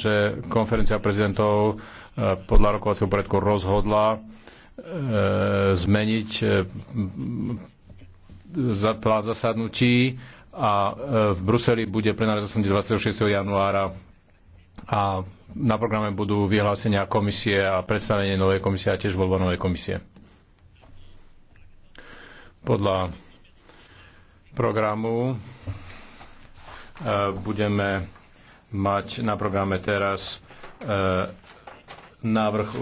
že konferencia prezidentov e, podľa rokovacieho poriadku rozhodla e, zmeniť e, plán zasadnutí a v Bruseli bude plenárne zasadnutie 26. januára a na programe budú vyhlásenia komisie a predstavenie novej komisie a tiež voľba novej komisie. Podľa programu budeme mať na programe teraz eh, návrh